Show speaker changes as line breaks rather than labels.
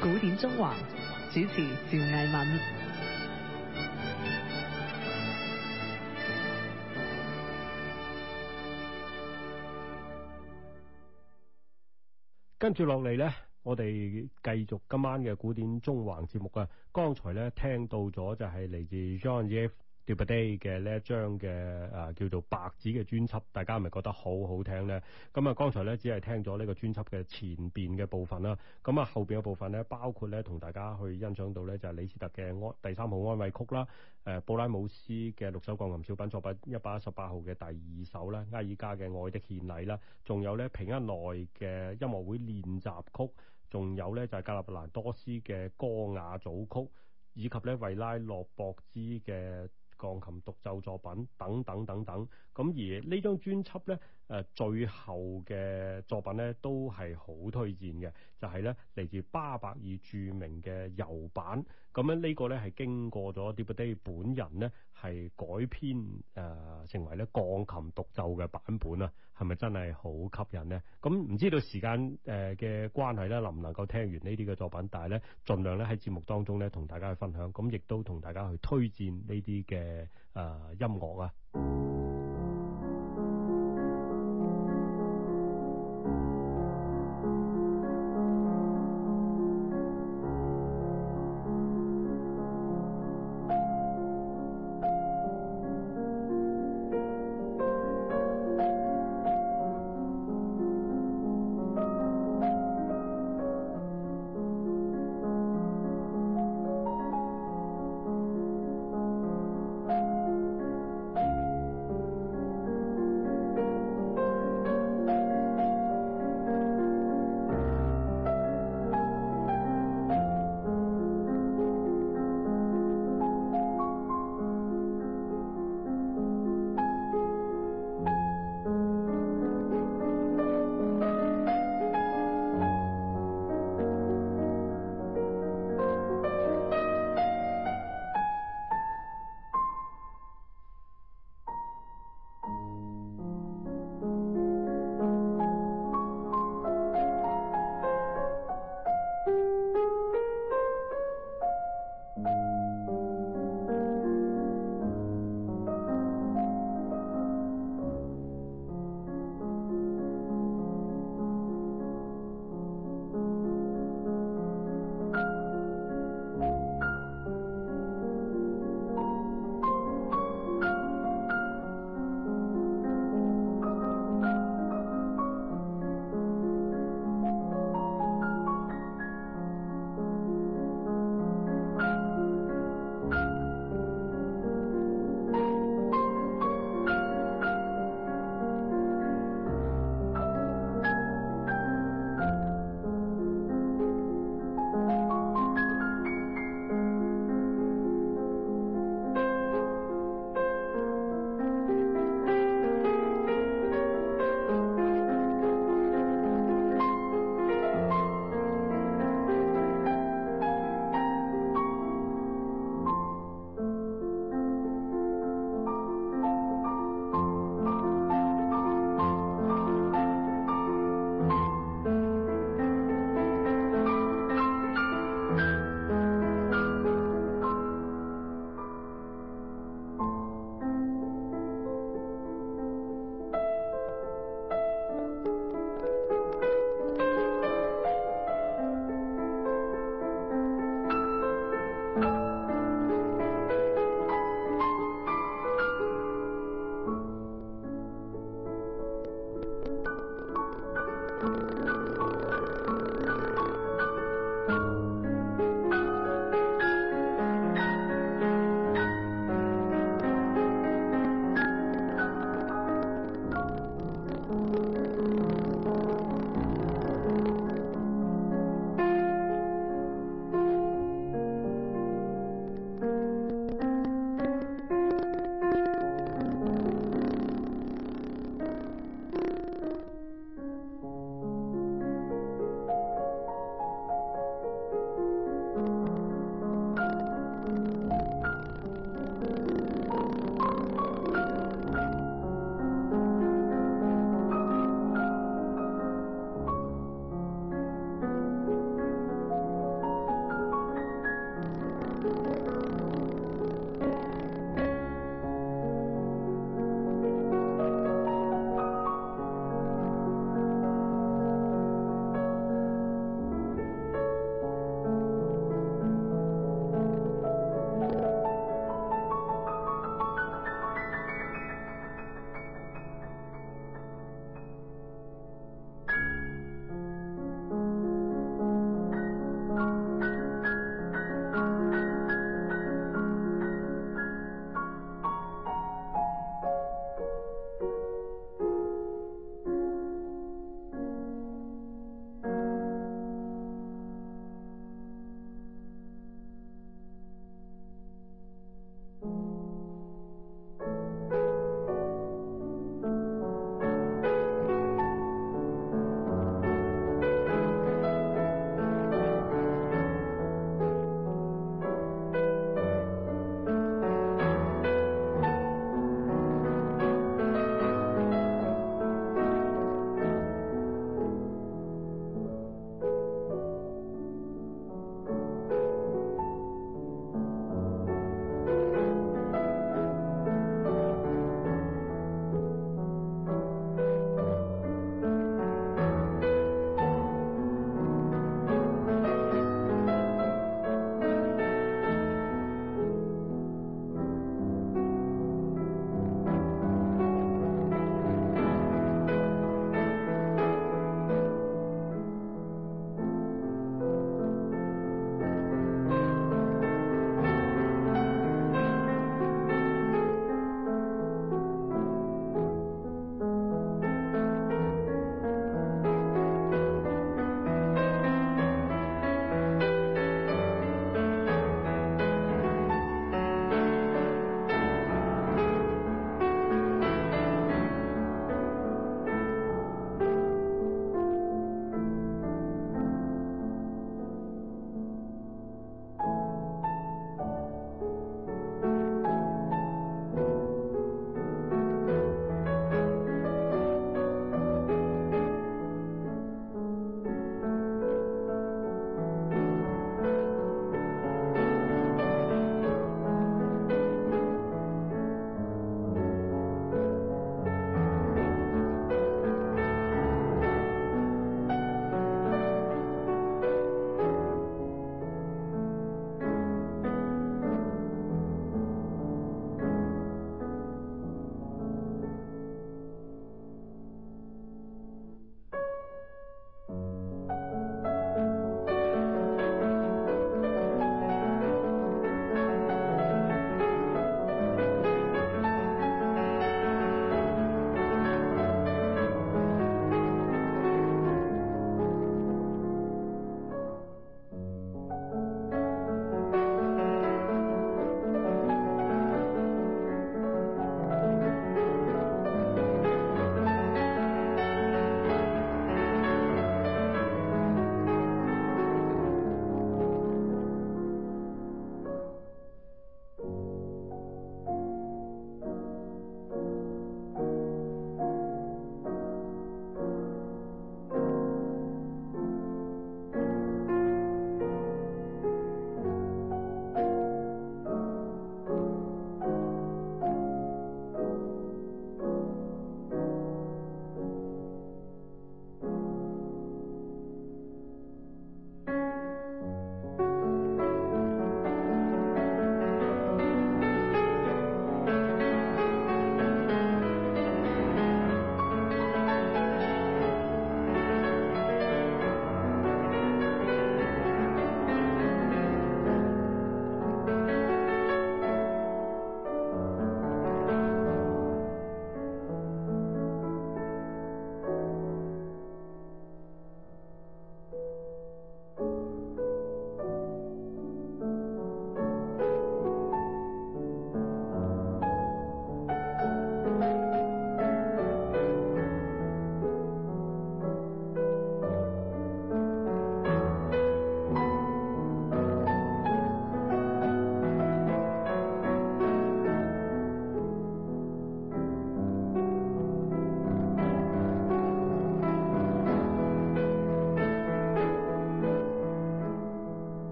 古典縱橫主持趙毅敏，
跟住落嚟咧，我哋繼續今晚嘅古典縱橫節目啊！剛才咧聽到咗就係嚟自 Jean-Yves。Day day 嘅呢一張嘅啊叫做白紙嘅專輯，大家係咪覺得好好聽咧？咁啊，剛才咧只係聽咗呢個專輯嘅前邊嘅部分啦。咁啊，後邊嘅部分咧，包括咧同大家去欣賞到咧就係李斯特嘅安第三號安慰曲啦。誒，布拉姆斯嘅六首鋼琴小品作品一百一十八號嘅第二首咧，埃爾加嘅愛的獻禮啦，仲有咧平一內嘅音樂會練習曲，仲有咧就係格拉納多斯嘅歌雅組曲，以及咧維拉洛博茲嘅。鋼琴獨奏作品等等等等，咁而呢張專輯咧，誒最後嘅作品咧都係好推薦嘅，就係咧嚟自巴伯爾著名嘅柔板。咁樣呢個咧係經過咗蒂博戴本人咧係改編誒成為咧鋼琴獨奏嘅版本啊。係咪真係好吸引咧？咁唔知道時間誒嘅關係咧，能唔能夠聽完呢啲嘅作品？但係咧，盡量咧喺節目當中咧，同大家去分享，咁亦都同大家去推薦呢啲嘅誒音樂啊！